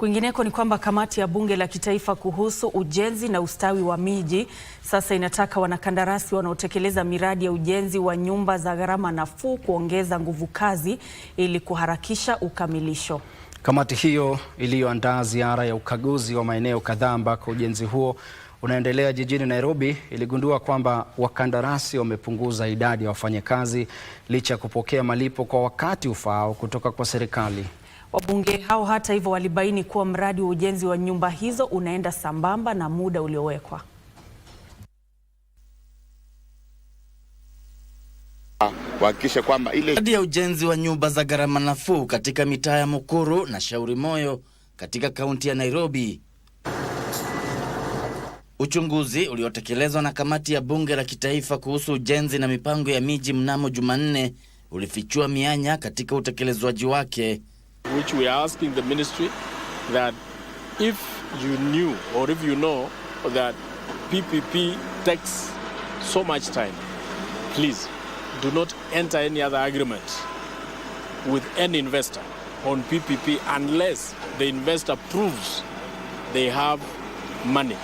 Kwingineko ni kwamba kamati ya bunge la kitaifa kuhusu ujenzi na ustawi wa miji sasa inataka wanakandarasi wanaotekeleza miradi ya ujenzi wa nyumba za gharama nafuu kuongeza nguvu kazi ili kuharakisha ukamilisho. Kamati hiyo iliyoandaa ziara ya ukaguzi wa maeneo kadhaa ambako ujenzi huo unaendelea jijini Nairobi iligundua kwamba wakandarasi wamepunguza idadi ya wafanyakazi licha ya kupokea malipo kwa wakati ufaao kutoka kwa serikali. Wabunge hao hata hivyo walibaini kuwa mradi wa ujenzi wa nyumba hizo unaenda sambamba na muda uliowekwa. Wahakikishe kwamba ile ya ujenzi wa nyumba za gharama nafuu katika mitaa ya Mukuru na Shauri Moyo katika kaunti ya Nairobi. Uchunguzi uliotekelezwa na kamati ya bunge la kitaifa kuhusu ujenzi na mipango ya miji mnamo Jumanne ulifichua mianya katika utekelezwaji wake which we are asking the ministry that if you knew or if you know that PPP takes so much time, please do not enter any other agreement with any investor on PPP unless the investor proves they have money.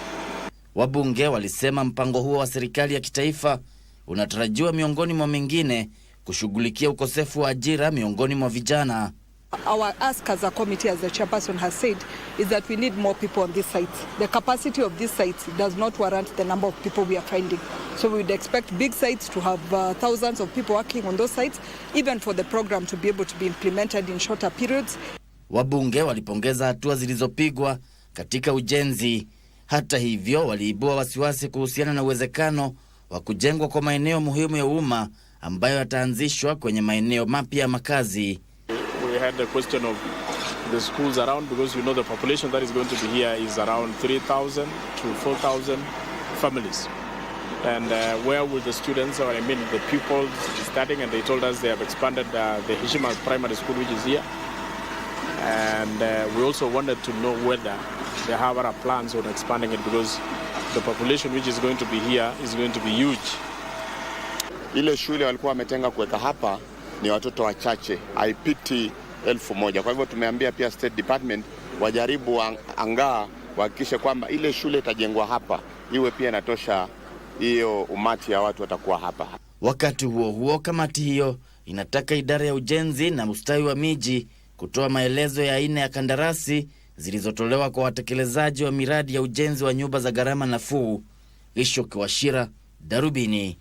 Wabunge walisema mpango huo wa serikali ya kitaifa unatarajiwa miongoni mwa mengine kushughulikia ukosefu wa ajira miongoni mwa vijana. Our ask as a committee, as the chairperson has said, is that we need more people on this site. The capacity of this site does not warrant the number of people we are finding. So we would expect big sites to have uh, thousands of people working on those sites, even for the program to be able to be implemented in shorter periods. Wabunge walipongeza hatua zilizopigwa katika ujenzi. Hata hivyo, waliibua wasiwasi kuhusiana na uwezekano wa kujengwa kwa maeneo muhimu ya umma ambayo yataanzishwa kwenye maeneo mapya ya makazi had the question of the schools around because you know the population that is going to be here is around 3,000 to 4,000 families. And uh, where will the students, or I mean the pupils, be studying? And they told us they have expanded uh, the Hishima primary school, which is here. And uh, we also wanted to know whether the Havara plans on expanding it because the population which is going to be here is going to be huge. Ile shule walikuwa wametenga kuweka hapa ni watoto wachache. haipiti elfu moja. Kwa hivyo tumeambia pia State Department wajaribu angaa wahakikishe kwamba ile shule itajengwa hapa iwe pia inatosha hiyo umati ya watu watakuwa hapa. Wakati huo huo, kamati hiyo inataka idara ya ujenzi na ustawi wa miji kutoa maelezo ya aina ya kandarasi zilizotolewa kwa watekelezaji wa miradi ya ujenzi wa nyumba za gharama nafuu. Ishoki Washira, Darubini.